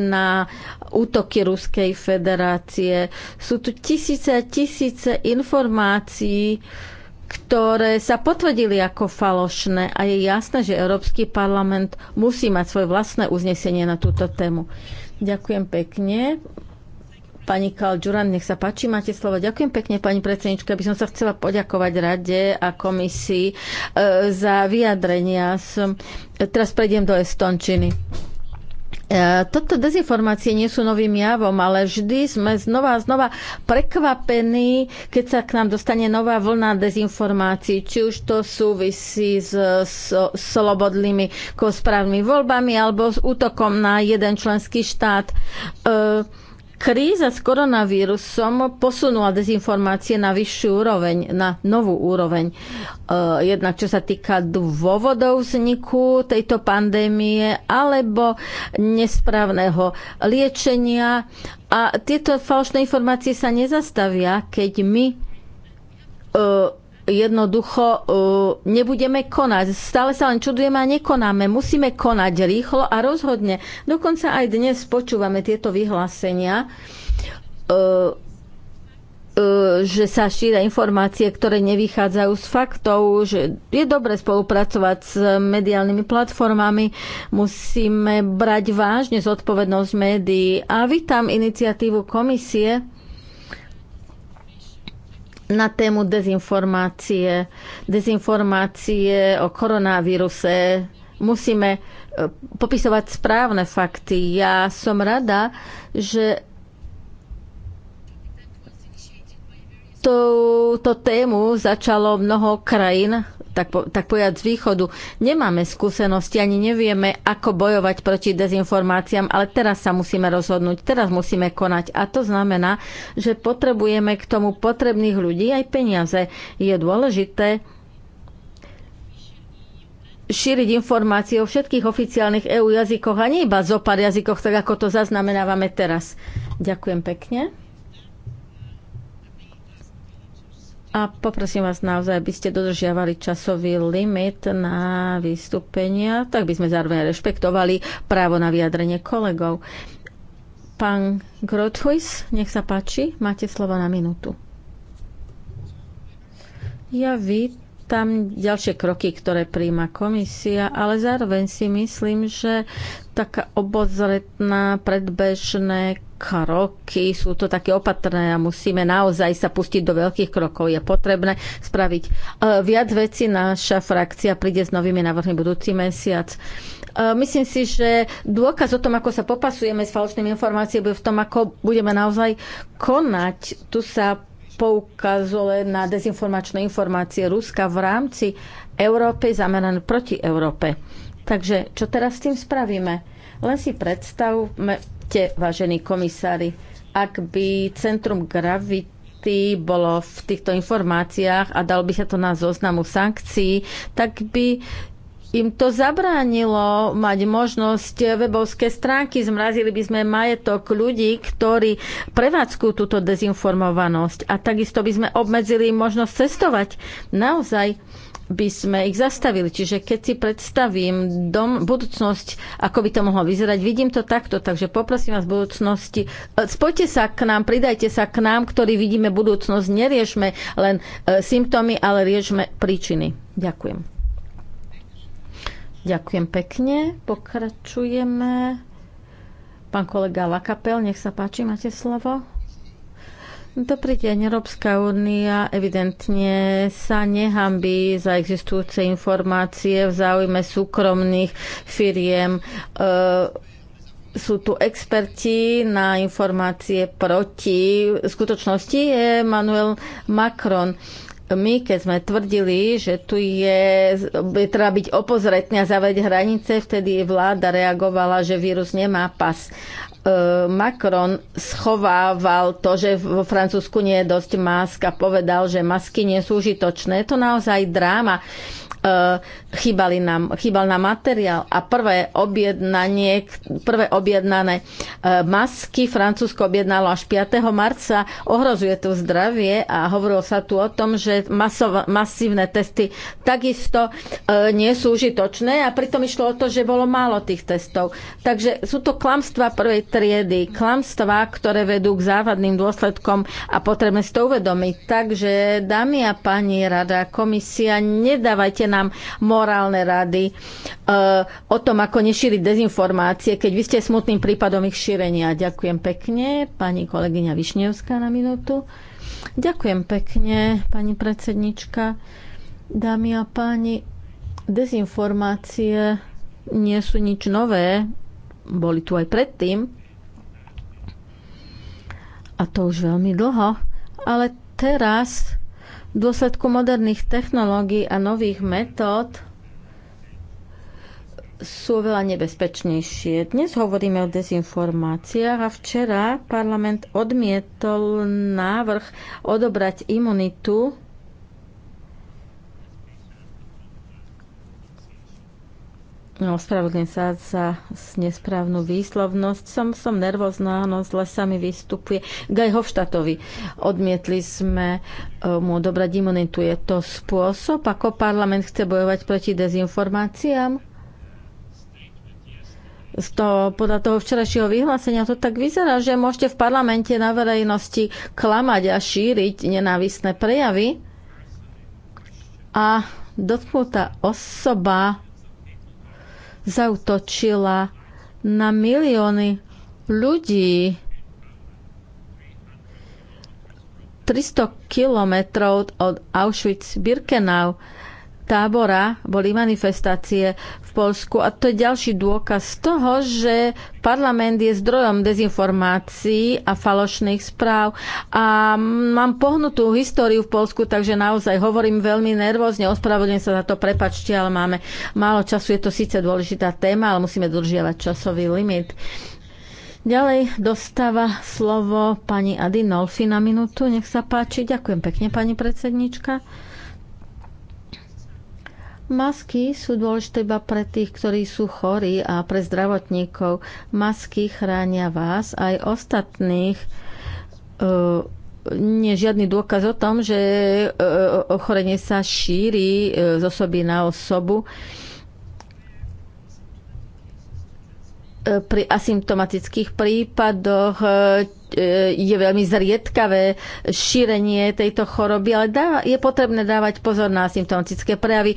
na útoky Ruskej federácie. Sú tu tisíce a tisíce informácií, ktoré sa potvrdili ako falošné a je jasné, že Európsky parlament musí mať svoje vlastné uznesenie na túto tému. Ďakujem pekne. Pani Kalďuran, nech sa páči, máte slovo. Ďakujem pekne, pani predsednička. By som sa chcela poďakovať rade a komisii e, za vyjadrenia. Teraz prejdem do Estončiny. E, toto dezinformácie nie sú novým javom, ale vždy sme znova a znova prekvapení, keď sa k nám dostane nová vlna dezinformácií, či už to súvisí s, s slobodnými správnymi voľbami alebo s útokom na jeden členský štát. E, Kríza s koronavírusom posunula dezinformácie na vyššiu úroveň, na novú úroveň. E, jednak čo sa týka dôvodov vzniku tejto pandémie alebo nesprávneho liečenia. A tieto falošné informácie sa nezastavia, keď my e, jednoducho e, nebudeme konať. Stále sa len čudujeme a nekonáme. Musíme konať rýchlo a rozhodne. Dokonca aj dnes počúvame tieto vyhlásenia e, e, že sa šíra informácie, ktoré nevychádzajú z faktov, že je dobre spolupracovať s mediálnymi platformami, musíme brať vážne zodpovednosť médií a vítam iniciatívu komisie, na tému dezinformácie, dezinformácie o koronavíruse. Musíme e, popisovať správne fakty. Ja som rada, že túto tému začalo mnoho krajín tak, po, tak pojať z východu. Nemáme skúsenosti, ani nevieme, ako bojovať proti dezinformáciám, ale teraz sa musíme rozhodnúť, teraz musíme konať. A to znamená, že potrebujeme k tomu potrebných ľudí aj peniaze. Je dôležité šíriť informácie o všetkých oficiálnych EU jazykoch a nie iba zo pár jazykoch, tak ako to zaznamenávame teraz. Ďakujem pekne. A poprosím vás naozaj, aby ste dodržiavali časový limit na vystúpenia, tak by sme zároveň rešpektovali právo na vyjadrenie kolegov. Pán Grothuis, nech sa páči, máte slovo na minútu. Ja vítam tam ďalšie kroky, ktoré príjma komisia, ale zároveň si myslím, že taká obozretná, predbežné kroky sú to také opatrné a musíme naozaj sa pustiť do veľkých krokov. Je potrebné spraviť e, viac vecí. Naša frakcia príde s novými návrhmi budúci mesiac e, myslím si, že dôkaz o tom, ako sa popasujeme s falošnými informáciami, bude v tom, ako budeme naozaj konať. Tu sa poukazuje na dezinformačné informácie Ruska v rámci Európy zamerané proti Európe. Takže čo teraz s tým spravíme? Len si predstavte, vážení komisári, ak by centrum gravity bolo v týchto informáciách a dal by sa to na zoznamu sankcií, tak by im to zabránilo mať možnosť webovské stránky. Zmrazili by sme majetok ľudí, ktorí prevádzkujú túto dezinformovanosť. A takisto by sme obmedzili možnosť cestovať. Naozaj by sme ich zastavili. Čiže keď si predstavím dom, budúcnosť, ako by to mohlo vyzerať, vidím to takto. Takže poprosím vás v budúcnosti, e, spojte sa k nám, pridajte sa k nám, ktorí vidíme budúcnosť. Neriešme len e, symptómy, ale riešme príčiny. Ďakujem. Ďakujem pekne. Pokračujeme. Pán kolega Lakapel, nech sa páči, máte slovo. Dobrý deň, Európska únia evidentne sa nehambí za existujúce informácie v záujme súkromných firiem. E, sú tu experti na informácie proti. V skutočnosti je Manuel Macron. E, my, keď sme tvrdili, že tu je, je treba byť opozretný a zavrieť hranice, vtedy vláda reagovala, že vírus nemá pas. E, Macron schovával to, že vo Francúzsku nie je dosť mask a povedal, že masky nie sú užitočné. Je to naozaj dráma. E, chýbali nám, chýbal nám materiál a prvé, objednanie, prvé objednané e, masky Francúzsko objednalo až 5. marca. Ohrozuje to zdravie a hovorilo sa tu o tom, že masov, masívne testy takisto e, nie sú užitočné a pritom išlo o to, že bolo málo tých testov. Takže sú to klamstvá prvej triedy, klamstvá, ktoré vedú k závadným dôsledkom a potrebné si to uvedomiť. Takže, dámy a páni, rada, komisia, nedávajte na nám morálne rady e, o tom, ako nešíriť dezinformácie, keď vy ste smutným prípadom ich šírenia. Ďakujem pekne, pani kolegyňa Višnevská na minútu. Ďakujem pekne, pani predsednička. Dámy a páni, dezinformácie nie sú nič nové, boli tu aj predtým, a to už veľmi dlho, ale teraz v dôsledku moderných technológií a nových metód sú veľa nebezpečnejšie. Dnes hovoríme o dezinformáciách a včera parlament odmietol návrh odobrať imunitu Ospravedlňujem no, sa za nesprávnu výslovnosť. Som, som nervózna, no zle sa mi vystupuje. Gaj Hofštatovi odmietli sme e, mu dobrať imunitu. Je to spôsob, ako parlament chce bojovať proti dezinformáciám? z toho, podľa toho včerajšieho vyhlásenia to tak vyzerá, že môžete v parlamente na verejnosti klamať a šíriť nenávisné prejavy a dotknutá osoba zautočila na milióny ľudí. 300 kilometrov od Auschwitz-Birkenau tábora boli manifestácie v Polsku a to je ďalší dôkaz toho, že parlament je zdrojom dezinformácií a falošných správ a mám pohnutú históriu v Polsku, takže naozaj hovorím veľmi nervózne, ospravedlňujem sa za to, prepačte, ale máme málo času, je to síce dôležitá téma, ale musíme dodržiavať časový limit. Ďalej dostáva slovo pani Adi Nolfi na minútu. Nech sa páči. Ďakujem pekne, pani predsednička. Masky sú dôležité iba pre tých, ktorí sú chorí a pre zdravotníkov. Masky chránia vás aj ostatných. E, nie je žiadny dôkaz o tom, že e, ochorenie sa šíri e, z osoby na osobu. E, E, pri asymptomatických prípadoch e, e, je veľmi zriedkavé šírenie tejto choroby, ale dá, je potrebné dávať pozor na asymptomatické prejavy.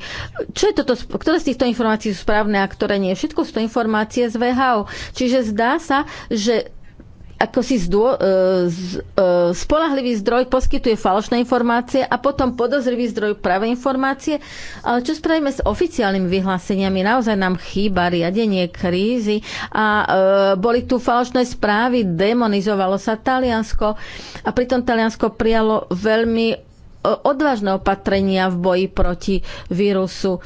Čo je toto, ktoré z týchto informácií sú správne a ktoré nie? Všetko sú to informácie z VHO. Čiže zdá sa, že ako si zdô, e, z, e, spolahlivý zdroj poskytuje falošné informácie a potom podozrivý zdroj práve informácie. Ale čo spravíme s oficiálnymi vyhláseniami? Naozaj nám chýba riadenie krízy a e, boli tu falošné správy, demonizovalo sa Taliansko a pritom Taliansko prijalo veľmi E, odvážne opatrenia v boji proti vírusu. E,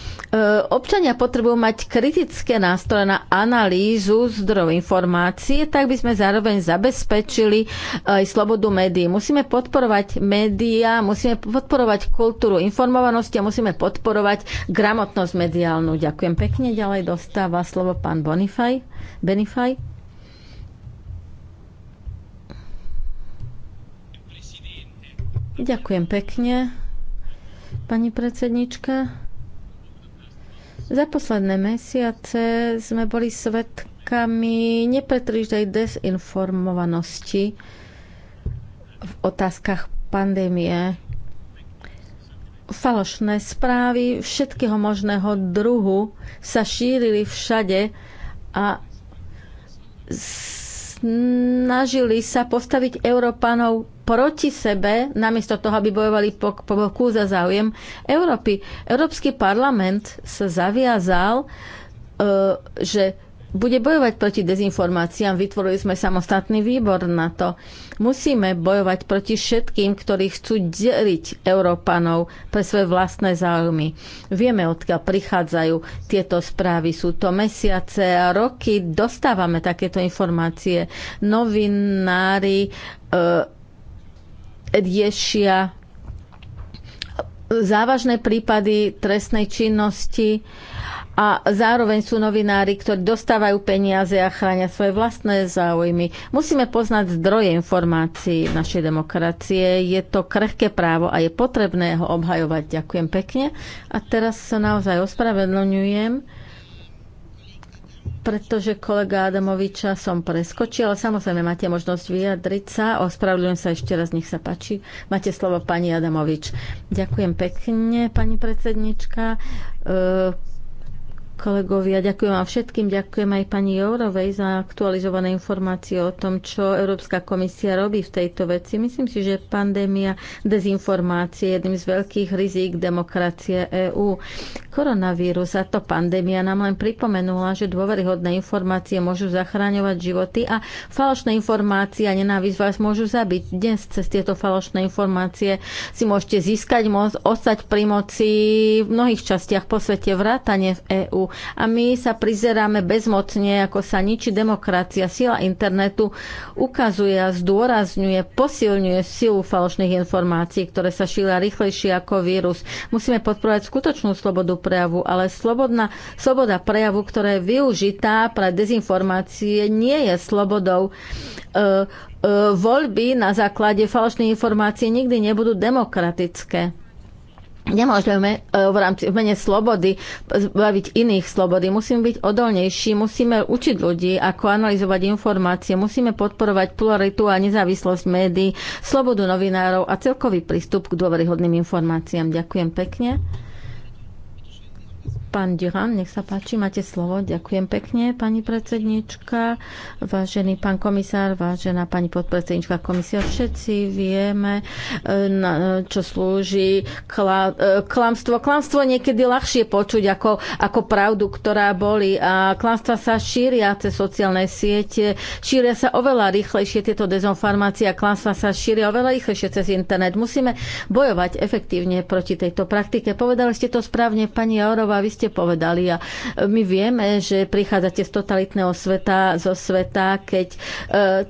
občania potrebujú mať kritické nástroje na analýzu zdrojov informácií, tak by sme zároveň zabezpečili e, aj slobodu médií. Musíme podporovať médiá, musíme podporovať kultúru informovanosti a musíme podporovať gramotnosť mediálnu. Ďakujem pekne. Ďalej dostáva slovo pán Bonifaj. Benifaj. Ďakujem pekne, pani predsednička. Za posledné mesiace sme boli svetkami nepretržnej dezinformovanosti v otázkach pandémie. Falošné správy všetkého možného druhu sa šírili všade a snažili sa postaviť Európanov proti sebe, namiesto toho, aby bojovali po, po boku za záujem Európy. Európsky parlament sa zaviazal, e, že bude bojovať proti dezinformáciám. Vytvorili sme samostatný výbor na to. Musíme bojovať proti všetkým, ktorí chcú deliť Európanov pre svoje vlastné záujmy. Vieme, odkiaľ prichádzajú tieto správy. Sú to mesiace a roky. Dostávame takéto informácie. Novinári e, riešia závažné prípady trestnej činnosti a zároveň sú novinári, ktorí dostávajú peniaze a chránia svoje vlastné záujmy. Musíme poznať zdroje informácií našej demokracie. Je to krehké právo a je potrebné ho obhajovať. Ďakujem pekne. A teraz sa naozaj ospravedlňujem pretože kolega Adamoviča som preskočil, ale samozrejme máte možnosť vyjadriť sa. Ospravedlňujem sa ešte raz, nech sa páči. Máte slovo pani Adamovič. Ďakujem pekne, pani predsednička. E, kolegovia, ďakujem vám všetkým, ďakujem aj pani Jourovej za aktualizované informácie o tom, čo Európska komisia robí v tejto veci. Myslím si, že pandémia dezinformácie je jedným z veľkých rizík demokracie EÚ koronavírus. A to pandémia nám len pripomenula, že dôveryhodné informácie môžu zachráňovať životy a falošné informácie a nenávisť vás môžu zabiť. Dnes cez tieto falošné informácie si môžete získať moc, ostať pri moci v mnohých častiach po svete, vrátane v EÚ. A my sa prizeráme bezmocne, ako sa ničí demokracia. Sila internetu ukazuje a zdôrazňuje, posilňuje silu falošných informácií, ktoré sa šíria rýchlejšie ako vírus. Musíme podporovať skutočnú slobodu prejavu, ale slobodná, sloboda prejavu, ktorá je využitá pre dezinformácie, nie je slobodou. E, e, voľby na základe falošnej informácie nikdy nebudú demokratické. Nemôžeme e, v rámci v mene slobody baviť iných slobody. Musíme byť odolnejší, musíme učiť ľudí, ako analyzovať informácie, musíme podporovať pluralitu a nezávislosť médií, slobodu novinárov a celkový prístup k dôveryhodným informáciám. Ďakujem pekne. Pán Dihan, nech sa páči, máte slovo. Ďakujem pekne, pani predsednička, vážený pán komisár, vážená pani podpredsednička komisia. Všetci vieme, e, e, čo slúži e, klamstvo. Klamstvo niekedy ľahšie počuť ako, ako pravdu, ktorá boli. A klamstva sa šíria cez sociálne siete, šíria sa oveľa rýchlejšie tieto dezinformácie a klamstva sa šíria oveľa rýchlejšie cez internet. Musíme bojovať efektívne proti tejto praktike. Povedali ste to správne, pani Jaurova, vy ste ste povedali. A my vieme, že prichádzate z totalitného sveta, zo sveta, keď e,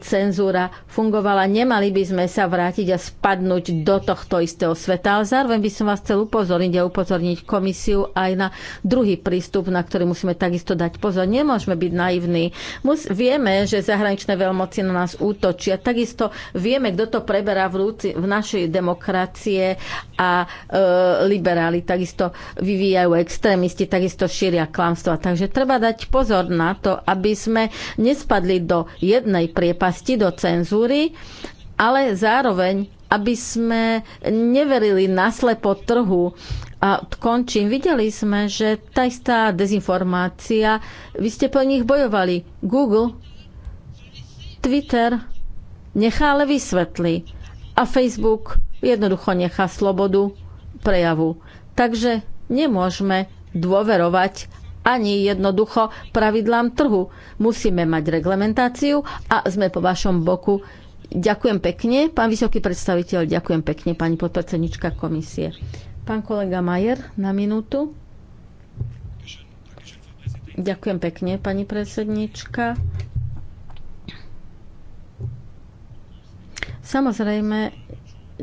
cenzúra fungovala. Nemali by sme sa vrátiť a spadnúť do tohto istého sveta. Ale zároveň by som vás chcel upozorniť a upozorniť komisiu aj na druhý prístup, na ktorý musíme takisto dať pozor. Nemôžeme byť naivní. Mus, vieme, že zahraničné veľmoci na nás útočia. Takisto vieme, kto to preberá v, rúci, v našej demokracie a e, liberáli takisto vyvíjajú extrémisti takisto šíria klamstva. Takže treba dať pozor na to, aby sme nespadli do jednej priepasti, do cenzúry, ale zároveň, aby sme neverili naslepo trhu, a končím. Videli sme, že tá istá dezinformácia, vy ste po nich bojovali. Google, Twitter nechá ale vysvetli. A Facebook jednoducho nechá slobodu prejavu. Takže nemôžeme dôverovať ani jednoducho pravidlám trhu. Musíme mať reglementáciu a sme po vašom boku. Ďakujem pekne, pán vysoký predstaviteľ, ďakujem pekne, pani podpredsednička komisie. Pán kolega Majer, na minútu. Ďakujem pekne, pani predsednička. Samozrejme,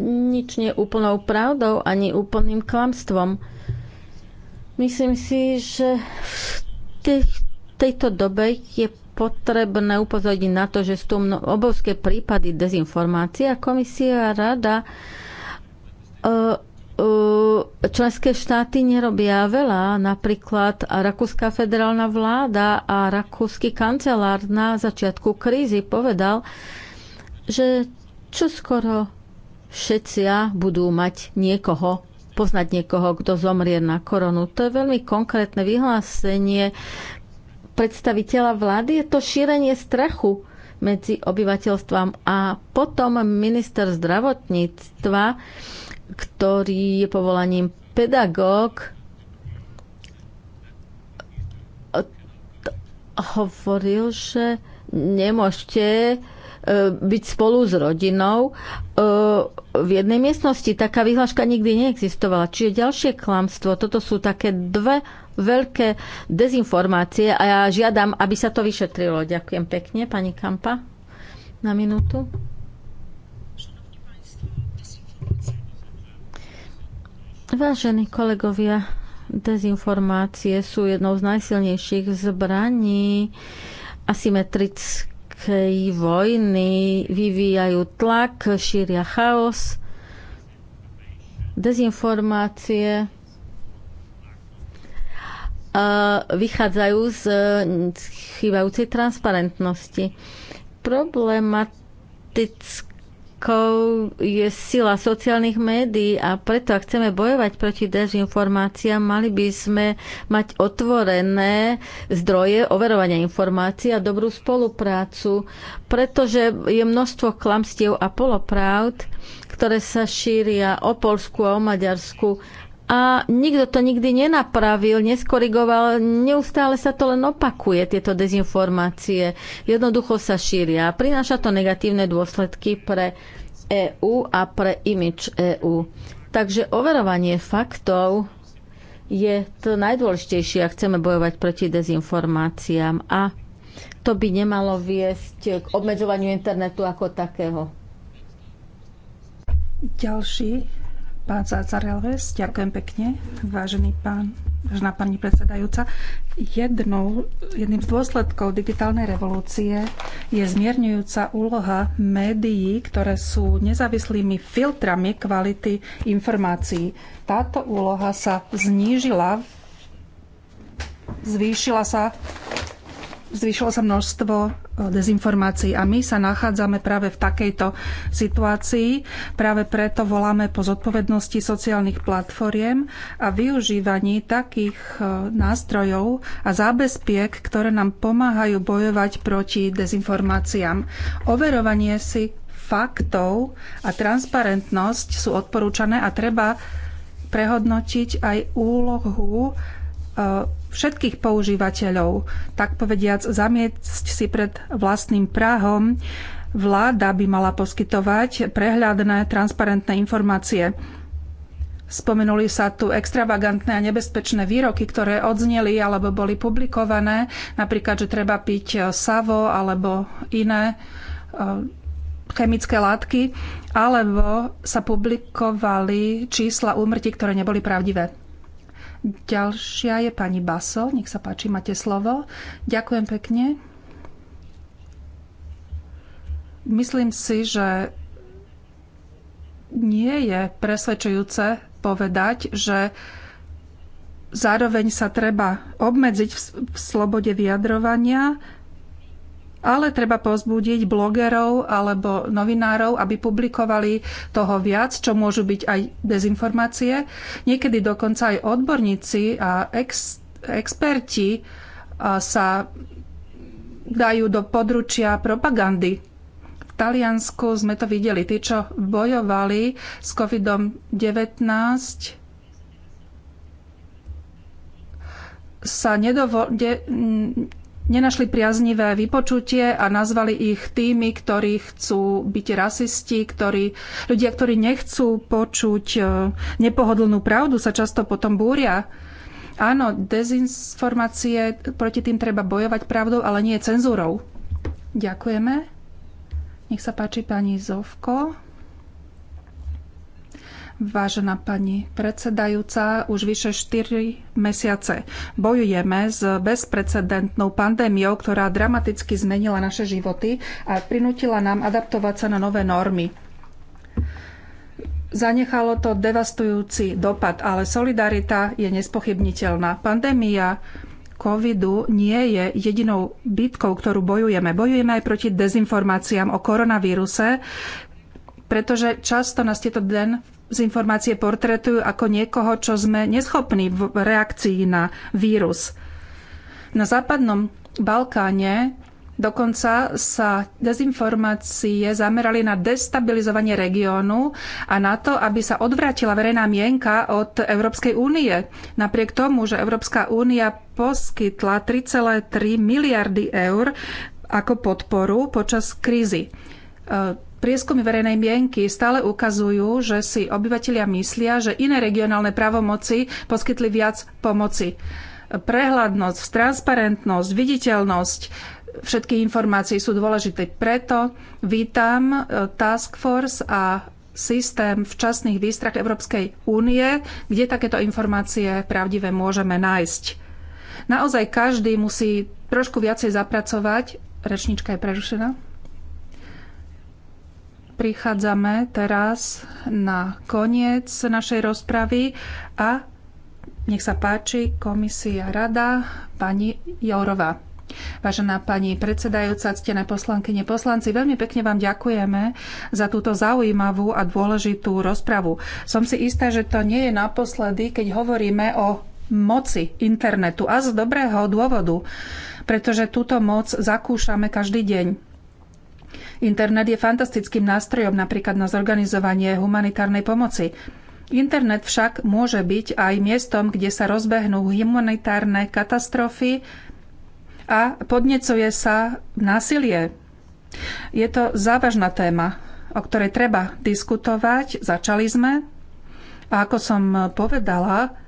nič nie je úplnou pravdou ani úplným klamstvom Myslím si, že v tejto dobe je potrebné upozorniť na to, že sú obrovské prípady dezinformácie a komisia a rada e, e, členské štáty nerobia veľa, napríklad Rakúska federálna vláda a rakúsky kancelár na začiatku krízy povedal, že čo skoro všetci budú mať niekoho poznať niekoho, kto zomrie na koronu. To je veľmi konkrétne vyhlásenie predstaviteľa vlády. Je to šírenie strachu medzi obyvateľstvom a potom minister zdravotníctva, ktorý je povolaním pedagóg, hovoril, že nemôžete E, byť spolu s rodinou e, v jednej miestnosti. Taká vyhláška nikdy neexistovala. Čiže ďalšie klamstvo, toto sú také dve veľké dezinformácie a ja žiadam, aby sa to vyšetrilo. Ďakujem pekne, pani Kampa, na minútu. Vážení kolegovia, dezinformácie sú jednou z najsilnejších zbraní asymetrických irakskej vojny vyvíjajú tlak, šíria chaos, dezinformácie vychádzajú z chýbajúcej transparentnosti. Problematická Slovakov je sila sociálnych médií a preto, ak chceme bojovať proti dezinformáciám, mali by sme mať otvorené zdroje overovania informácií a dobrú spoluprácu, pretože je množstvo klamstiev a polopravd, ktoré sa šíria o Polsku a o Maďarsku a nikto to nikdy nenapravil, neskorigoval, neustále sa to len opakuje, tieto dezinformácie. Jednoducho sa šíria. Prináša to negatívne dôsledky pre EÚ a pre imič EÚ. Takže overovanie faktov je to najdôležitejšie, ak chceme bojovať proti dezinformáciám a to by nemalo viesť k obmedzovaniu internetu ako takého. Ďalší Pán Cácar Alves, ďakujem pekne, vážený pán, vážená pani predsedajúca. Jednou, jedným z dôsledkov digitálnej revolúcie je zmierňujúca úloha médií, ktoré sú nezávislými filtrami kvality informácií. Táto úloha sa znížila, zvýšila sa zvýšilo sa množstvo e, dezinformácií a my sa nachádzame práve v takejto situácii. Práve preto voláme po zodpovednosti sociálnych platformiem a využívaní takých e, nástrojov a zábezpiek, ktoré nám pomáhajú bojovať proti dezinformáciám. Overovanie si faktov a transparentnosť sú odporúčané a treba prehodnotiť aj úlohu e, všetkých používateľov, tak povediac zamiecť si pred vlastným práhom, vláda by mala poskytovať prehľadné, transparentné informácie. Spomenuli sa tu extravagantné a nebezpečné výroky, ktoré odzneli alebo boli publikované, napríklad, že treba piť savo alebo iné e, chemické látky, alebo sa publikovali čísla úmrtí, ktoré neboli pravdivé. Ďalšia je pani Baso. Nech sa páči, máte slovo. Ďakujem pekne. Myslím si, že nie je presvedčujúce povedať, že zároveň sa treba obmedziť v slobode vyjadrovania ale treba pozbudiť blogerov alebo novinárov, aby publikovali toho viac, čo môžu byť aj dezinformácie. Niekedy dokonca aj odborníci a ex, experti sa dajú do područia propagandy. V Taliansku sme to videli. Tí, čo bojovali s COVID-19, sa nedovo- de- nenašli priaznivé vypočutie a nazvali ich tými, ktorí chcú byť rasisti, ktorí, ľudia, ktorí nechcú počuť e, nepohodlnú pravdu, sa často potom búria. Áno, dezinformácie, proti tým treba bojovať pravdou, ale nie cenzúrou. Ďakujeme. Nech sa páči pani Zovko. Vážená pani predsedajúca, už vyše 4 mesiace bojujeme s bezprecedentnou pandémiou, ktorá dramaticky zmenila naše životy a prinútila nám adaptovať sa na nové normy. Zanechalo to devastujúci dopad, ale solidarita je nespochybniteľná. Pandémia covidu nie je jedinou bitkou, ktorú bojujeme. Bojujeme aj proti dezinformáciám o koronavíruse, pretože často nás tieto den z informácie portretujú ako niekoho, čo sme neschopní v reakcii na vírus. Na západnom Balkáne dokonca sa dezinformácie zamerali na destabilizovanie regiónu a na to, aby sa odvrátila verejná mienka od Európskej únie. Napriek tomu, že Európska únia poskytla 3,3 miliardy eur ako podporu počas krízy e, prieskumy verejnej mienky stále ukazujú, že si obyvatelia myslia, že iné regionálne právomoci poskytli viac pomoci. Prehľadnosť, transparentnosť, viditeľnosť všetky informácie sú dôležité. Preto vítam e, Task Force a systém včasných výstrach Európskej únie, kde takéto informácie pravdivé môžeme nájsť. Naozaj každý musí trošku viacej zapracovať. Rečnička je prerušená prichádzame teraz na koniec našej rozpravy a nech sa páči komisia rada pani Jourová. Vážená pani predsedajúca, ctené poslankyne, poslanci, veľmi pekne vám ďakujeme za túto zaujímavú a dôležitú rozpravu. Som si istá, že to nie je naposledy, keď hovoríme o moci internetu a z dobrého dôvodu, pretože túto moc zakúšame každý deň Internet je fantastickým nástrojom napríklad na zorganizovanie humanitárnej pomoci. Internet však môže byť aj miestom, kde sa rozbehnú humanitárne katastrofy a podnecuje sa násilie. Je to závažná téma, o ktorej treba diskutovať. Začali sme. A ako som povedala,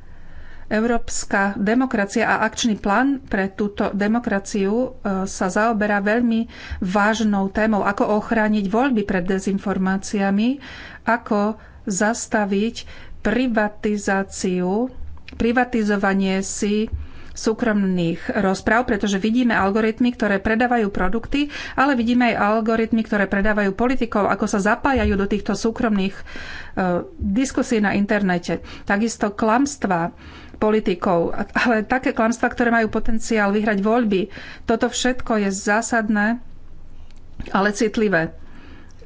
Európska demokracia a akčný plán pre túto demokraciu e, sa zaoberá veľmi vážnou témou, ako ochrániť voľby pred dezinformáciami, ako zastaviť privatizáciu, privatizovanie si súkromných rozpráv, pretože vidíme algoritmy, ktoré predávajú produkty, ale vidíme aj algoritmy, ktoré predávajú politikov, ako sa zapájajú do týchto súkromných e, diskusí na internete. Takisto klamstvá, politikov. Ale také klamstvá, ktoré majú potenciál vyhrať voľby, toto všetko je zásadné, ale citlivé.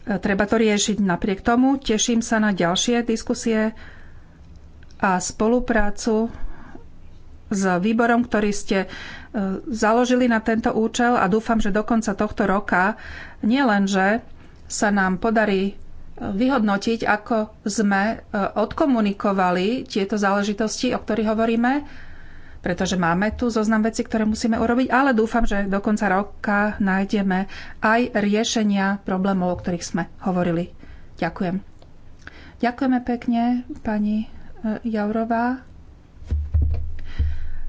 Treba to riešiť napriek tomu. Teším sa na ďalšie diskusie a spoluprácu s výborom, ktorý ste e, založili na tento účel a dúfam, že do konca tohto roka nielenže sa nám podarí vyhodnotiť, ako sme e, odkomunikovali tieto záležitosti, o ktorých hovoríme, pretože máme tu zoznam veci, ktoré musíme urobiť, ale dúfam, že do konca roka nájdeme aj riešenia problémov, o ktorých sme hovorili. Ďakujem. Ďakujeme pekne, pani e, Jaurová.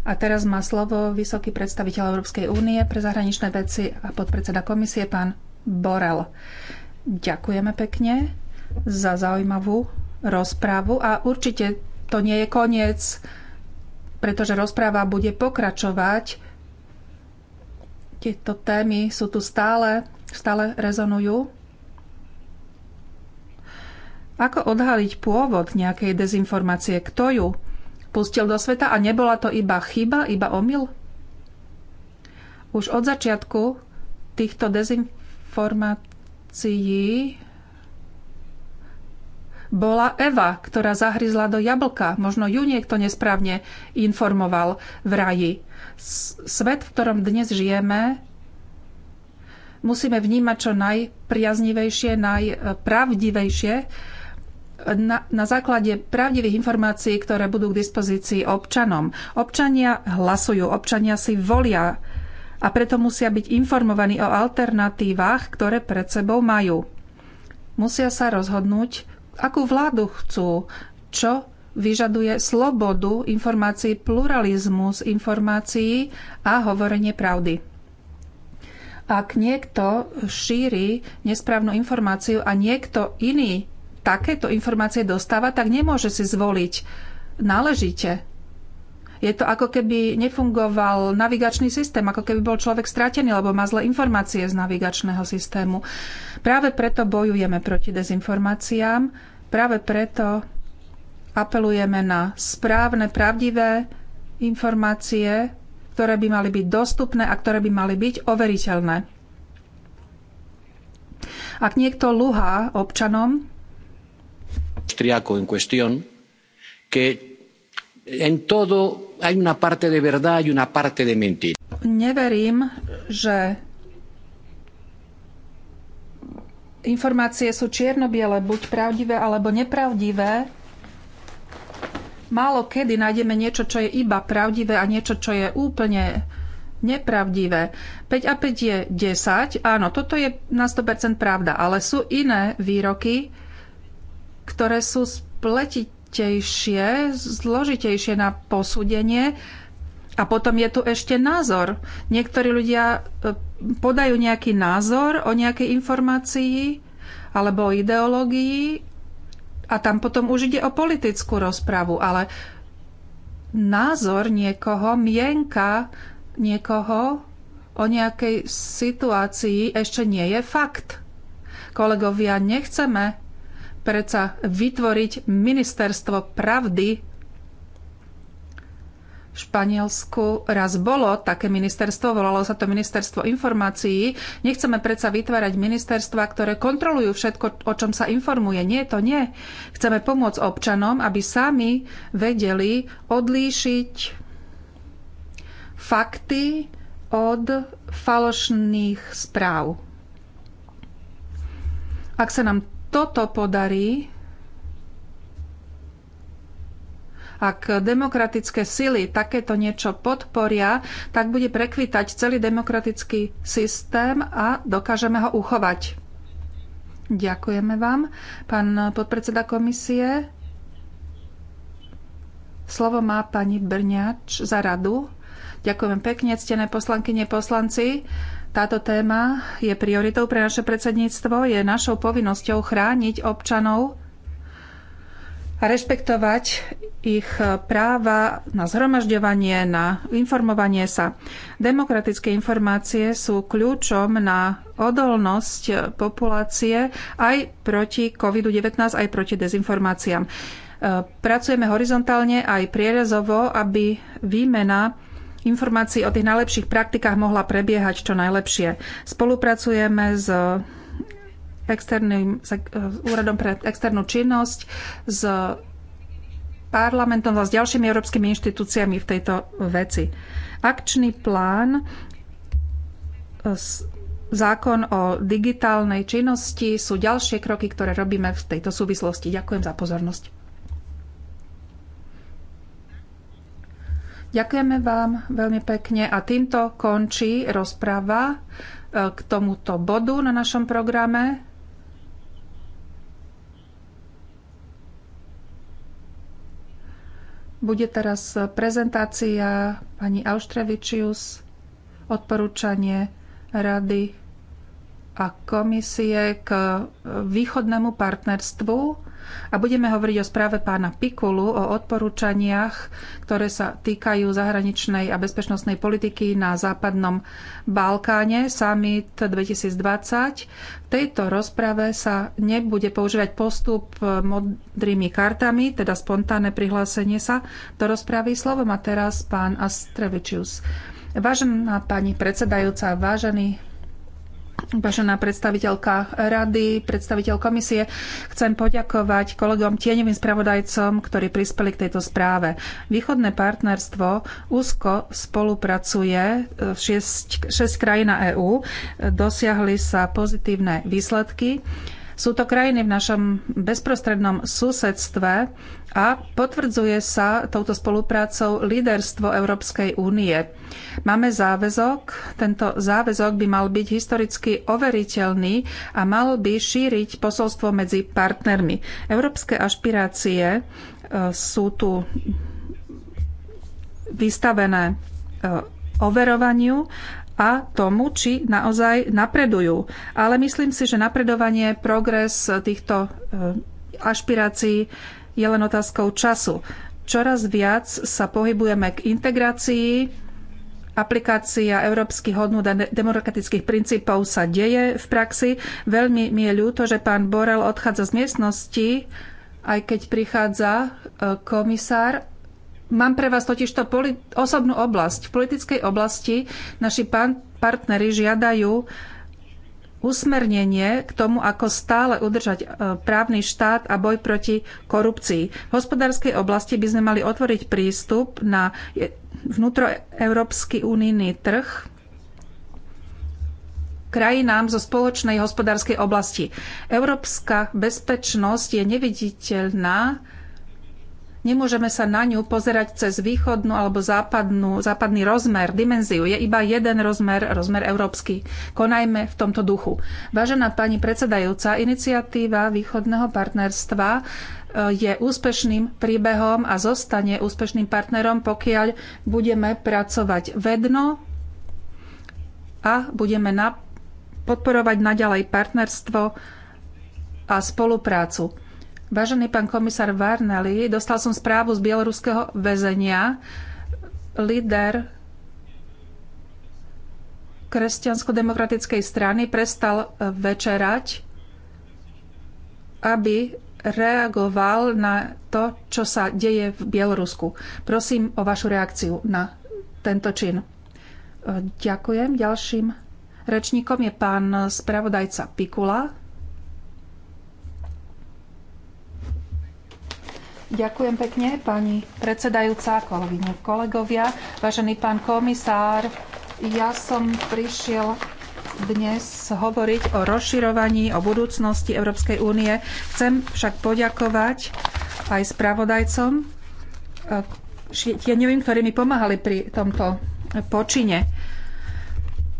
A teraz má slovo vysoký predstaviteľ Európskej únie pre zahraničné veci a podpredseda komisie, pán Borel. Ďakujeme pekne za zaujímavú rozprávu a určite to nie je koniec, pretože rozpráva bude pokračovať. Tieto témy sú tu stále, stále rezonujú. Ako odhaliť pôvod nejakej dezinformácie? Kto ju pustil do sveta a nebola to iba chyba, iba omyl? Už od začiatku týchto dezinformácií reakcií bola Eva, ktorá zahryzla do jablka. Možno ju niekto nesprávne informoval v raji. Svet, v ktorom dnes žijeme, musíme vnímať čo najpriaznivejšie, najpravdivejšie, na, na základe pravdivých informácií, ktoré budú k dispozícii občanom. Občania hlasujú, občania si volia a preto musia byť informovaní o alternatívach, ktoré pred sebou majú. Musia sa rozhodnúť, akú vládu chcú, čo vyžaduje slobodu informácií, pluralizmus informácií a hovorenie pravdy. Ak niekto šíri nesprávnu informáciu a niekto iný takéto informácie dostáva, tak nemôže si zvoliť náležite je to ako keby nefungoval navigačný systém, ako keby bol človek stratený, lebo má zlé informácie z navigačného systému. Práve preto bojujeme proti dezinformáciám, práve preto apelujeme na správne, pravdivé informácie, ktoré by mali byť dostupné a ktoré by mali byť overiteľné. Ak niekto lúha občanom, en todo hay una parte de verdad y una parte de mentira. Neverím, že informácie sú čierno-biele, buď pravdivé alebo nepravdivé. Málo kedy nájdeme niečo, čo je iba pravdivé a niečo, čo je úplne nepravdivé. 5 a 5 je 10. Áno, toto je na 100% pravda, ale sú iné výroky, ktoré sú spletiť zložitejšie, zložitejšie na posúdenie. A potom je tu ešte názor. Niektorí ľudia e, podajú nejaký názor o nejakej informácii alebo o ideológii a tam potom už ide o politickú rozpravu. Ale názor niekoho, mienka niekoho o nejakej situácii ešte nie je fakt. Kolegovia, nechceme predsa vytvoriť ministerstvo pravdy v Španielsku raz bolo také ministerstvo, volalo sa to ministerstvo informácií. Nechceme predsa vytvárať ministerstva, ktoré kontrolujú všetko, o čom sa informuje. Nie, to nie. Chceme pomôcť občanom, aby sami vedeli odlíšiť fakty od falošných správ. Ak sa nám toto podarí, ak demokratické sily takéto niečo podporia, tak bude prekvitať celý demokratický systém a dokážeme ho uchovať. Ďakujeme vám, pán podpredseda komisie. Slovo má pani Brňač za radu. Ďakujem pekne, ctené poslankyne, poslanci. Táto téma je prioritou pre naše predsedníctvo. Je našou povinnosťou chrániť občanov a rešpektovať ich práva na zhromažďovanie, na informovanie sa. Demokratické informácie sú kľúčom na odolnosť populácie aj proti COVID-19, aj proti dezinformáciám. Pracujeme horizontálne aj prierezovo, aby výmena informácií o tých najlepších praktikách mohla prebiehať čo najlepšie. Spolupracujeme s externým, s úradom pre externú činnosť, s parlamentom a s ďalšími európskymi inštitúciami v tejto veci. Akčný plán e, zákon o digitálnej činnosti sú ďalšie kroky, ktoré robíme v tejto súvislosti. Ďakujem za pozornosť. Ďakujeme vám veľmi pekne a týmto končí rozpráva e, k tomuto bodu na našom programe. Bude teraz prezentácia pani Auštrevičius, odporúčanie Rady a komisie k východnému partnerstvu a budeme hovoriť o správe pána Pikulu o odporúčaniach, ktoré sa týkajú zahraničnej a bezpečnostnej politiky na západnom Balkáne, Summit 2020. V tejto rozprave sa nebude používať postup modrými kartami, teda spontánne prihlásenie sa do rozpravy. Slovo má teraz pán Astrevičius. Vážená pani predsedajúca, vážení Vážená predstaviteľka rady, predstaviteľ komisie, chcem poďakovať kolegom tieňovým spravodajcom, ktorí prispeli k tejto správe. Východné partnerstvo úzko spolupracuje v 6, 6 krajín EÚ. Dosiahli sa pozitívne výsledky. Sú to krajiny v našom bezprostrednom susedstve, a potvrdzuje sa touto spoluprácou líderstvo Európskej únie. Máme záväzok, tento záväzok by mal byť historicky overiteľný a mal by šíriť posolstvo medzi partnermi. Európske ašpirácie e, sú tu vystavené e, overovaniu a tomu, či naozaj napredujú. Ale myslím si, že napredovanie, progres týchto e, ašpirácií je len otázkou času. Čoraz viac sa pohybujeme k integrácii, aplikácia európskych hodnot a demokratických princípov sa deje v praxi. Veľmi mi je ľúto, že pán Borel odchádza z miestnosti, aj keď prichádza e, komisár. Mám pre vás totiž to osobnú oblasť. V politickej oblasti naši partneri žiadajú usmernenie k tomu, ako stále udržať e, právny štát a boj proti korupcii. V hospodárskej oblasti by sme mali otvoriť prístup na vnútroeurópsky unijný trh krajinám zo spoločnej hospodárskej oblasti. Európska bezpečnosť je neviditeľná Nemôžeme sa na ňu pozerať cez východnú alebo západnú, západný rozmer, dimenziu. Je iba jeden rozmer, rozmer európsky. Konajme v tomto duchu. Vážená pani predsedajúca, iniciatíva východného partnerstva e, je úspešným príbehom a zostane úspešným partnerom, pokiaľ budeme pracovať vedno a budeme na, podporovať naďalej partnerstvo a spoluprácu Vážený pán komisár Varnali, dostal som správu z bieloruského väzenia. Líder kresťansko-demokratickej strany prestal e, večerať, aby reagoval na to, čo sa deje v Bielorusku. Prosím o vašu reakciu na tento čin. E, ďakujem. Ďalším rečníkom je pán spravodajca Pikula. Ďakujem pekne, pani predsedajúca, kolegyne, kolegovia, vážený pán komisár. Ja som prišiel dnes hovoriť o rozširovaní, o budúcnosti Európskej únie. Chcem však poďakovať aj spravodajcom, eh, tieňovým, ktorí mi pomáhali pri tomto počine.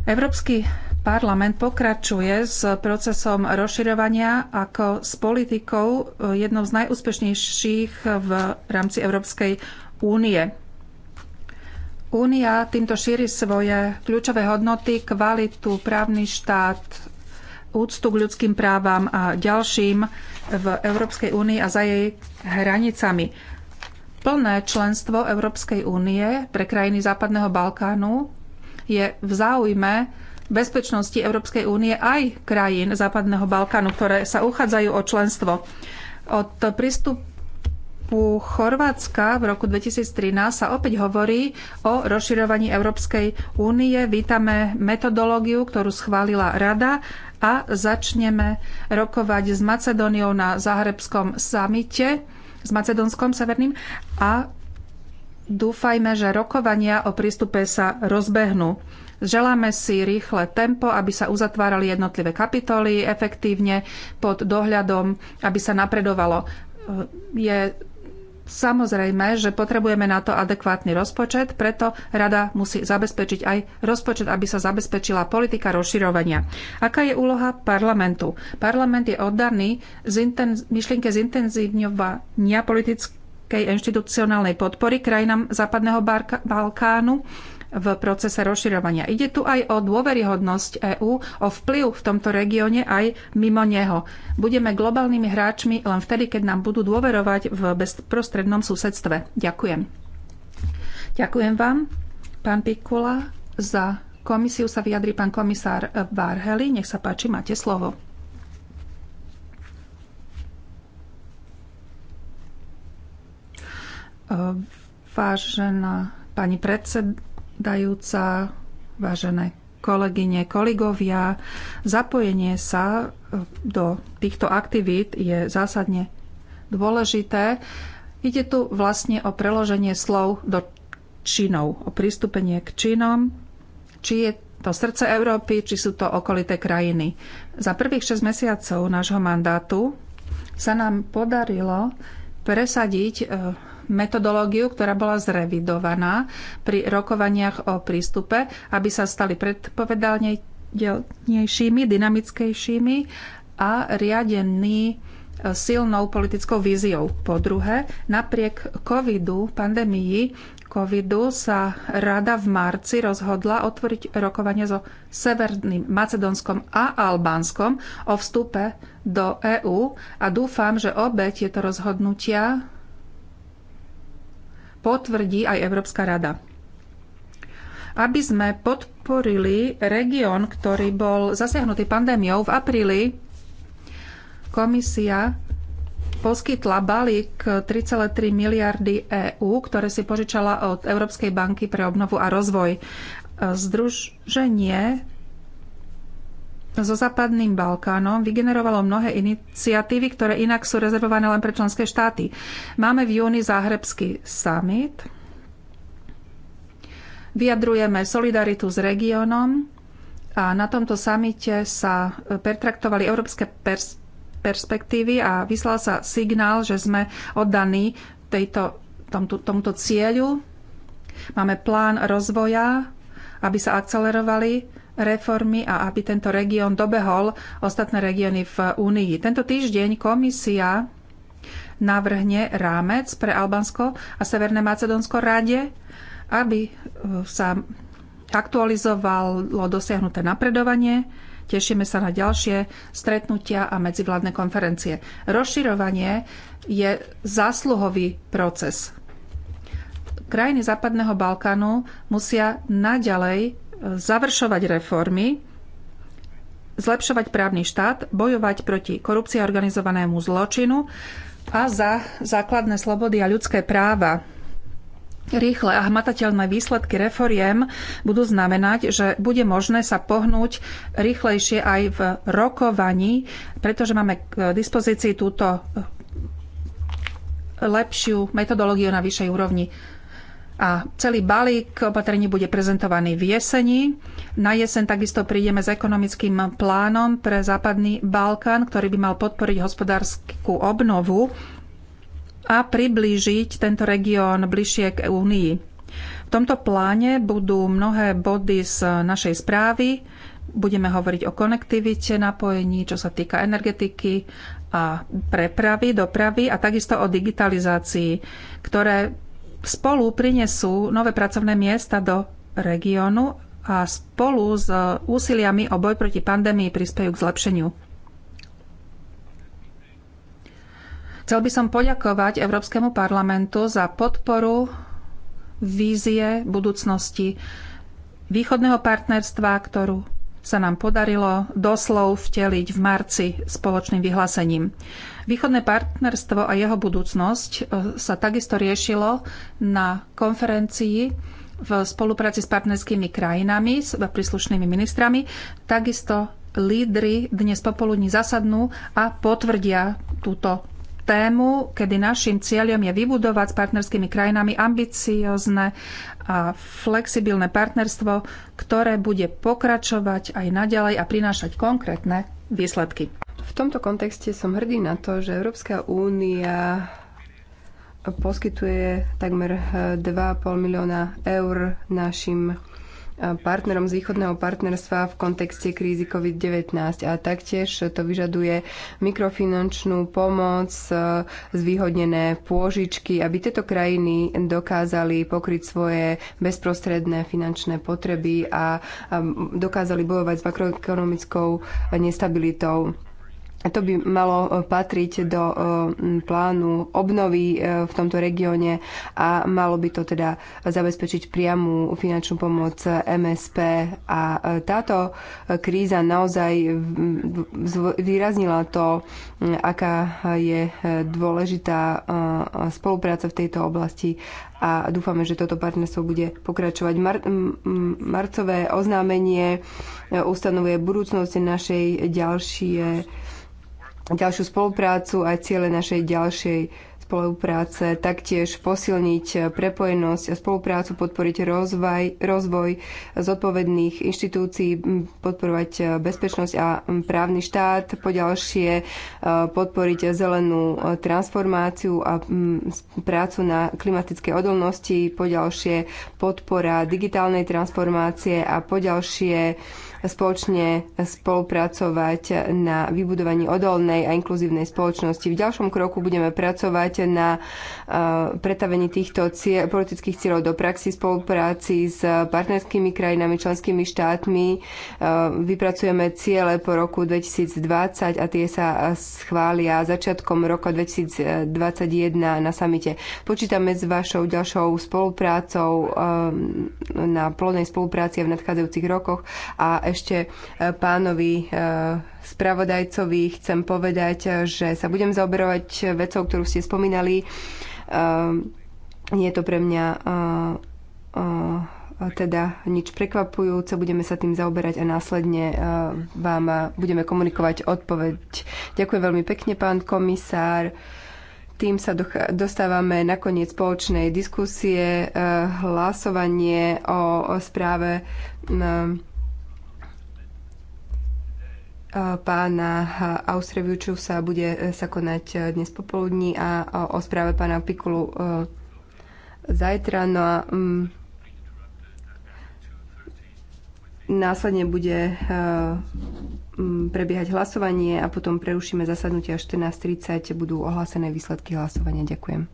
Európsky Parlament pokračuje s procesom rozširovania ako s politikou e, jednou z najúspešnejších v rámci Európskej únie. Únia týmto šíri svoje kľúčové hodnoty, kvalitu, právny štát, úctu k ľudským právam a ďalším v Európskej únii a za jej hranicami. Plné členstvo Európskej únie pre krajiny Západného Balkánu je v záujme bezpečnosti Európskej únie aj krajín Západného Balkánu, ktoré sa uchádzajú o členstvo. Od prístupu Chorvátska v roku 2013 sa opäť hovorí o rozširovaní Európskej únie. Vítame metodológiu, ktorú schválila Rada a začneme rokovať s Macedóniou na Záhrebskom samite s Macedónskom severným a dúfajme, že rokovania o prístupe sa rozbehnú. Želáme si rýchle tempo, aby sa uzatvárali jednotlivé kapitoly efektívne pod dohľadom, aby sa napredovalo. E, je Samozrejme, že potrebujeme na to adekvátny rozpočet, preto rada musí zabezpečiť aj rozpočet, aby sa zabezpečila politika rozširovania. Aká je úloha parlamentu? Parlament je oddaný z inten- myšlienke zintenzívňovania politickej inštitucionálnej podpory krajinám Západného Balkánu v procese rozširovania. Ide tu aj o dôveryhodnosť EÚ, o vplyv v tomto regióne aj mimo neho. Budeme globálnymi hráčmi len vtedy, keď nám budú dôverovať v bezprostrednom susedstve. Ďakujem. Ďakujem vám, pán Pikula, za komisiu sa vyjadri pán komisár Varheli. Nech sa páči, máte slovo. Vážená pani predsed, predsedajúca, vážené kolegyne, kolegovia. Zapojenie sa e, do týchto aktivít je zásadne dôležité. Ide tu vlastne o preloženie slov do činov, o pristúpenie k činom, či je to srdce Európy, či sú to okolité krajiny. Za prvých 6 mesiacov nášho mandátu sa nám podarilo presadiť e, metodológiu, ktorá bola zrevidovaná pri rokovaniach o prístupe, aby sa stali predpovedanejšími, dynamickejšími a riadení e, silnou politickou víziou. Po druhé, napriek covidu, pandémii, covidu sa rada v marci rozhodla otvoriť rokovanie so Severným Macedónskom a Albánskom o vstupe do EÚ a dúfam, že obe tieto rozhodnutia potvrdí aj Európska rada. Aby sme podporili región, ktorý bol zasiahnutý pandémiou v apríli, komisia poskytla balík 3,3 miliardy EÚ, ktoré si požičala od Európskej banky pre obnovu a rozvoj. Združenie so západným Balkánom vygenerovalo mnohé iniciatívy, ktoré inak sú rezervované len pre členské štáty. Máme v júni záhrebský summit. Vyjadrujeme solidaritu s regiónom a na tomto samite sa pertraktovali európske pers- perspektívy a vyslal sa signál, že sme oddaní tejto, tomto, tomuto cieľu. Máme plán rozvoja, aby sa akcelerovali reformy a aby tento región dobehol ostatné regióny v Únii. Tento týždeň komisia navrhne rámec pre Albánsko a Severné Macedónsko rade, aby e, sa aktualizovalo dosiahnuté napredovanie. Tešíme sa na ďalšie stretnutia a medzivládne konferencie. Rozširovanie je zásluhový proces. Krajiny Západného Balkánu musia naďalej završovať reformy, zlepšovať právny štát, bojovať proti korupcii a organizovanému zločinu a za základné slobody a ľudské práva. Rýchle a hmatateľné výsledky reforiem budú znamenať, že bude možné sa pohnúť rýchlejšie aj v rokovaní, pretože máme k dispozícii túto lepšiu metodológiu na vyššej úrovni. A celý balík opatrení bude prezentovaný v jeseni. Na jesen takisto prídeme s ekonomickým plánom pre západný Balkán, ktorý by mal podporiť hospodárskú obnovu a priblížiť tento región bližšie k Únii. V tomto pláne budú mnohé body z našej správy. Budeme hovoriť o konektivite, napojení, čo sa týka energetiky a prepravy, dopravy a takisto o digitalizácii, ktoré spolu prinesú nové pracovné miesta do regiónu a spolu s e, úsiliami o boj proti pandémii prispejú k zlepšeniu. Chcel by som poďakovať Európskemu parlamentu za podporu vízie budúcnosti východného partnerstva, ktorú sa nám podarilo doslov vteliť v marci spoločným vyhlásením. Východné partnerstvo a jeho budúcnosť e, sa takisto riešilo na konferencii v spolupráci s partnerskými krajinami, s príslušnými ministrami. Takisto lídry dnes popoludní zasadnú a potvrdia túto tému, kedy našim cieľom je vybudovať s partnerskými krajinami ambiciozne a flexibilné partnerstvo, ktoré bude pokračovať aj naďalej a prinášať konkrétne výsledky. V tomto kontexte som hrdý na to, že Európska únia poskytuje takmer 2,5 eh, milióna eur našim partnerom z východného partnerstva v kontexte krízy COVID-19 a taktiež to vyžaduje mikrofinančnú pomoc, e, zvýhodnené pôžičky, aby tieto krajiny dokázali pokryť svoje bezprostredné finančné potreby a dokázali bojovať s makroekonomickou nestabilitou to by malo e, patriť do e, plánu obnovy e, v tomto regióne a malo by to teda zabezpečiť priamu finančnú pomoc MSP. A táto kríza naozaj vyraznila to, aká je dôležitá spolupráca v tejto oblasti a dúfame, že toto partnerstvo bude pokračovať. Mar- marcové oznámenie ustanovuje budúcnosť našej ďalšie ďalšiu spoluprácu aj ciele našej ďalšej spolupráce, taktiež posilniť prepojenosť a spoluprácu, podporiť rozvaj, rozvoj zodpovedných inštitúcií, podporovať e, bezpečnosť a právny štát, poďalšie e, podporiť zelenú e, transformáciu a prácu na klimatické odolnosti, poďalšie podpora digitálnej transformácie a poďalšie spoločne spolupracovať na vybudovaní odolnej a inkluzívnej spoločnosti. V ďalšom kroku budeme pracovať na e, pretavení týchto cieľ, politických cieľov do praxi, spolupráci s partnerskými krajinami, členskými štátmi. E, vypracujeme ciele po roku 2020 a tie sa schvália začiatkom roka 2021 na samite. Počítame s vašou ďalšou spoluprácou e, na plodnej spolupráci v nadchádzajúcich rokoch a ešte e, pánovi e, spravodajcovi chcem povedať, e, že sa budem zaoberovať vecou, ktorú ste spomínali. Nie je to pre mňa teda nič prekvapujúce, budeme sa tým zaoberať a následne vám budeme komunikovať odpoveď. Ďakujem veľmi pekne, pán komisár. Tým sa dostávame na koniec spoločnej diskusie, hlasovanie o, o správe pána Austreviuču sa bude e, sa konať e, dnes popoludní a o, správe pána Pikulu e, zajtra. No a um, následne bude um, prebiehať hlasovanie a potom prerušíme zasadnutie až 14.30. Budú ohlásené výsledky hlasovania. Ďakujem.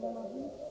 Thank you.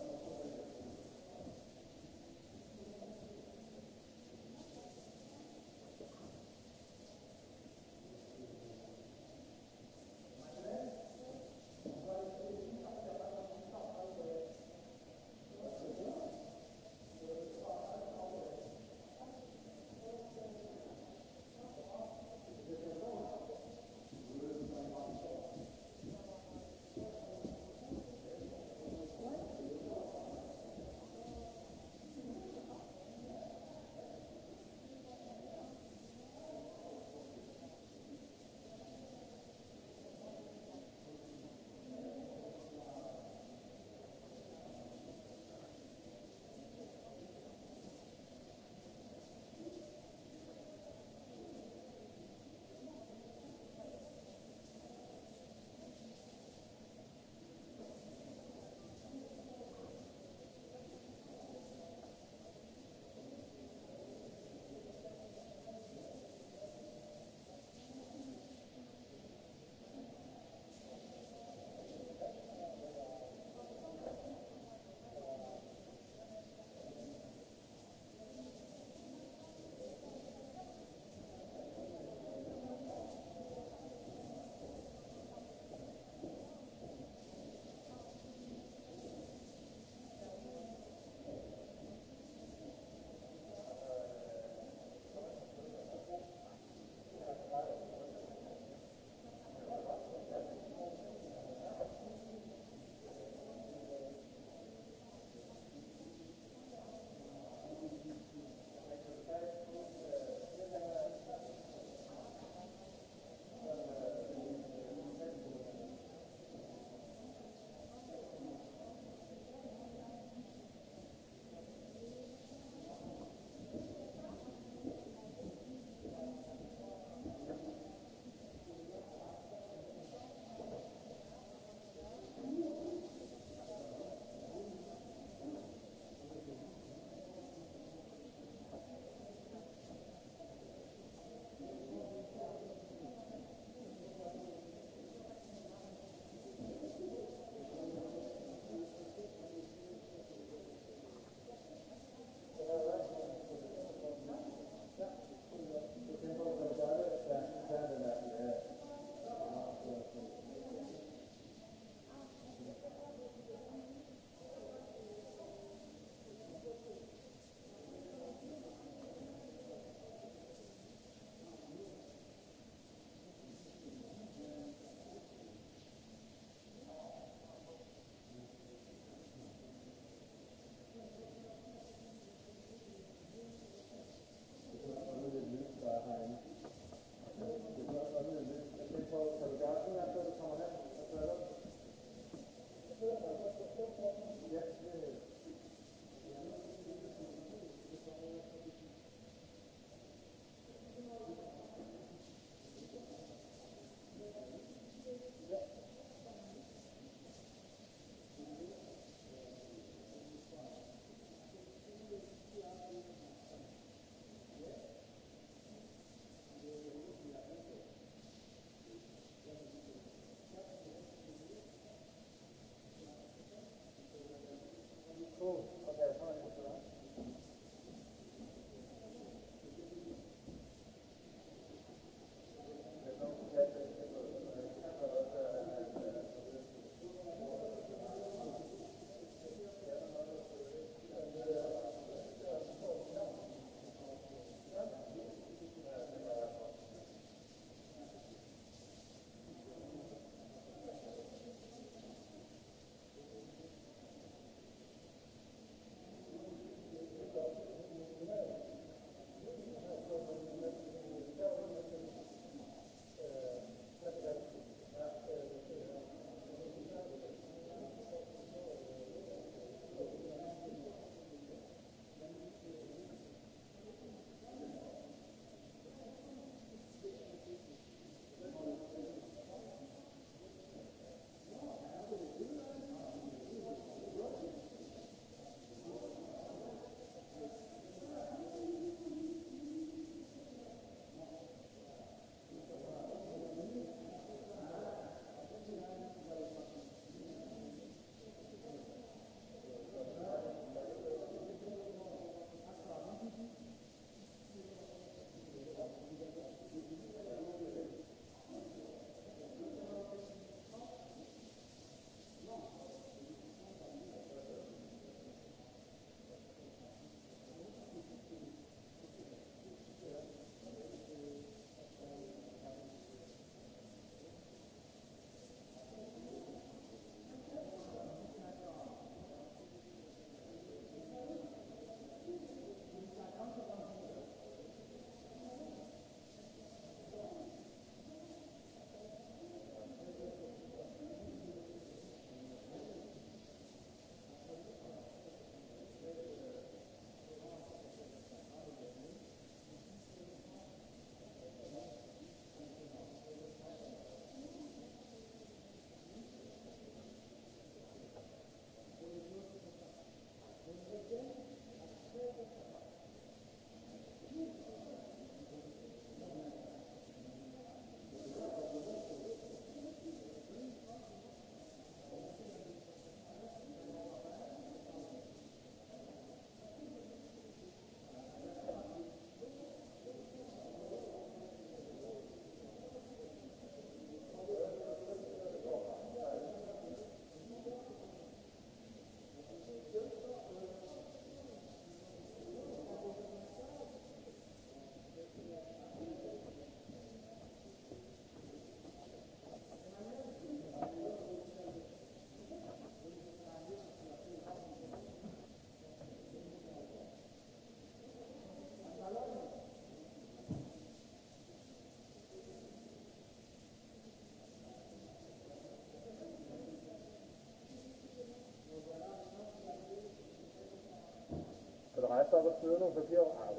Gottes Krönung für Tiere haben.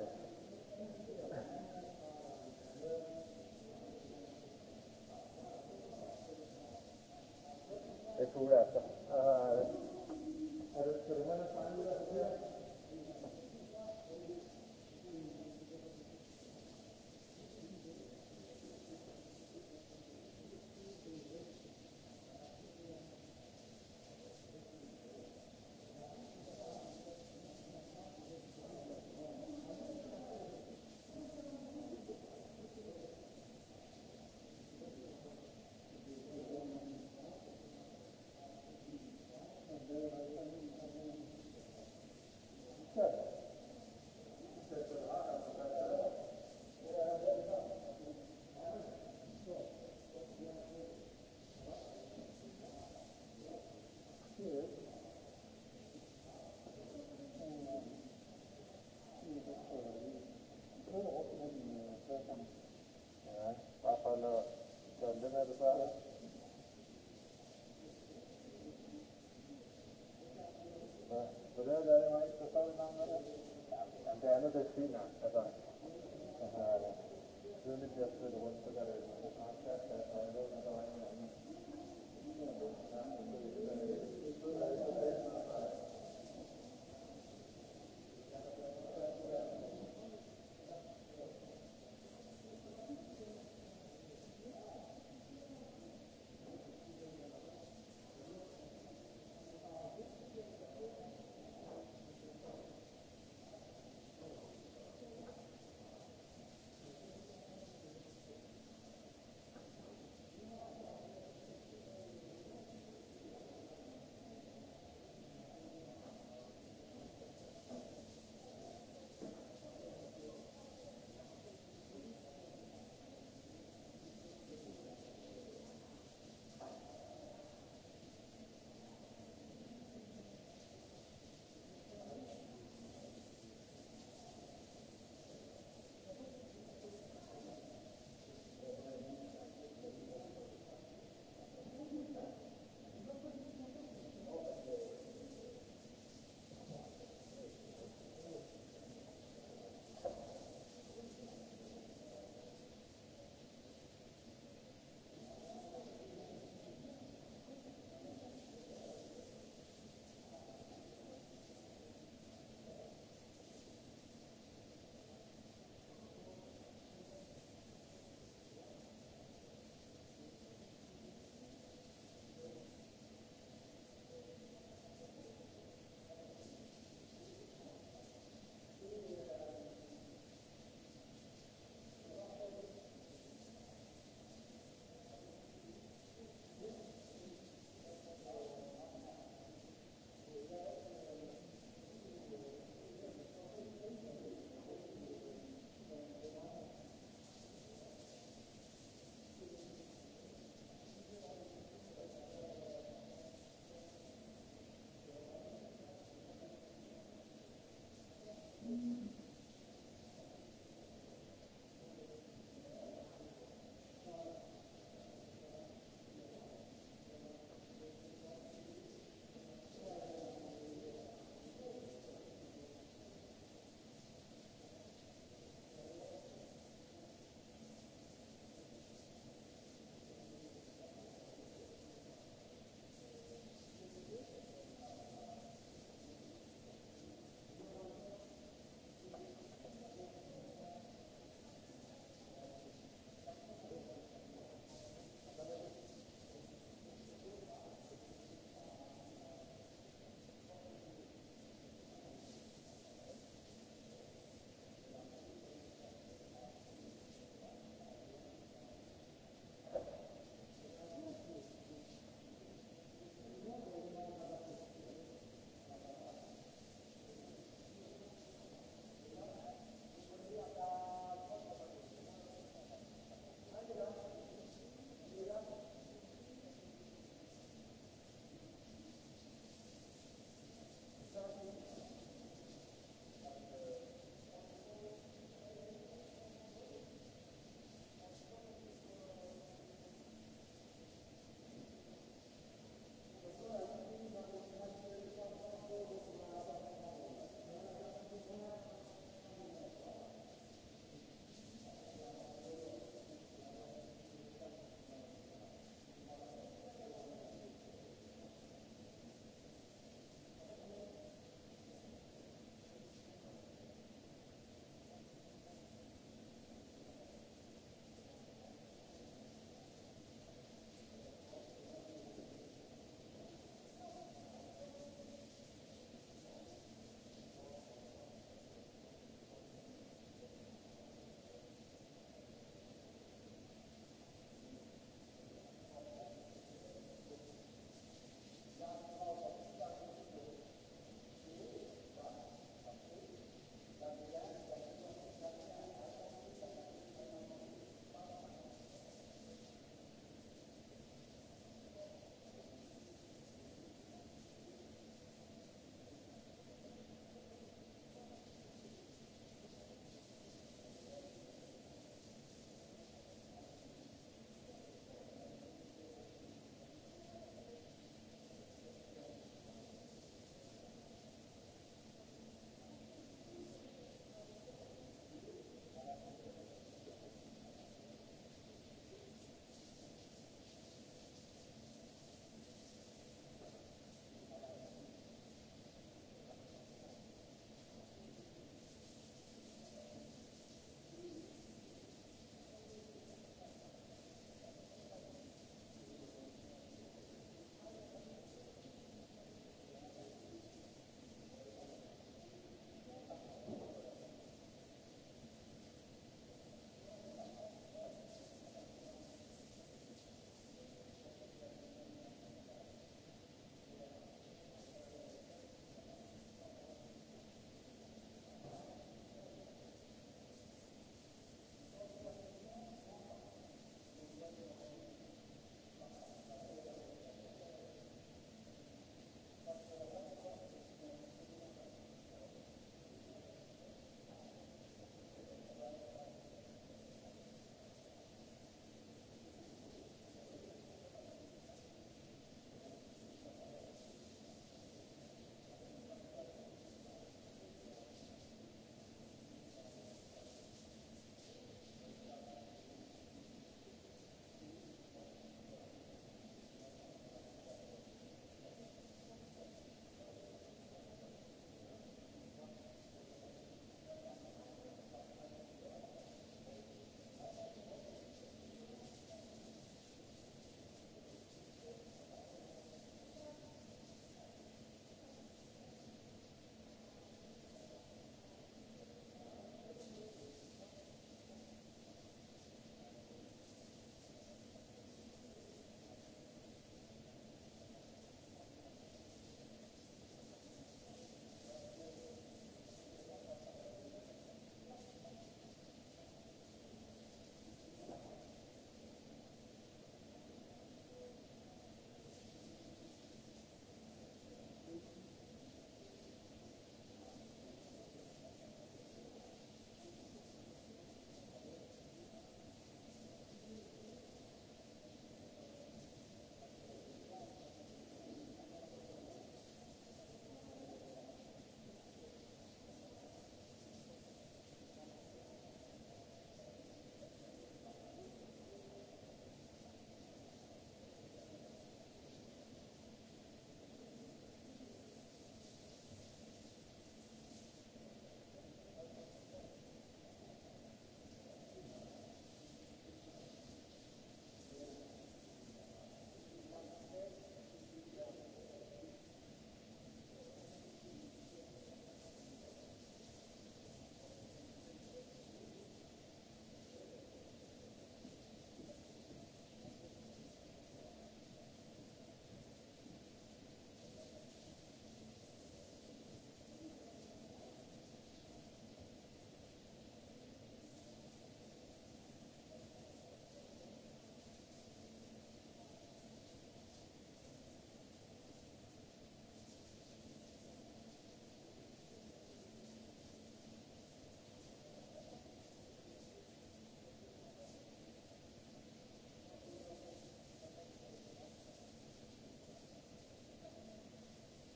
to je syna. A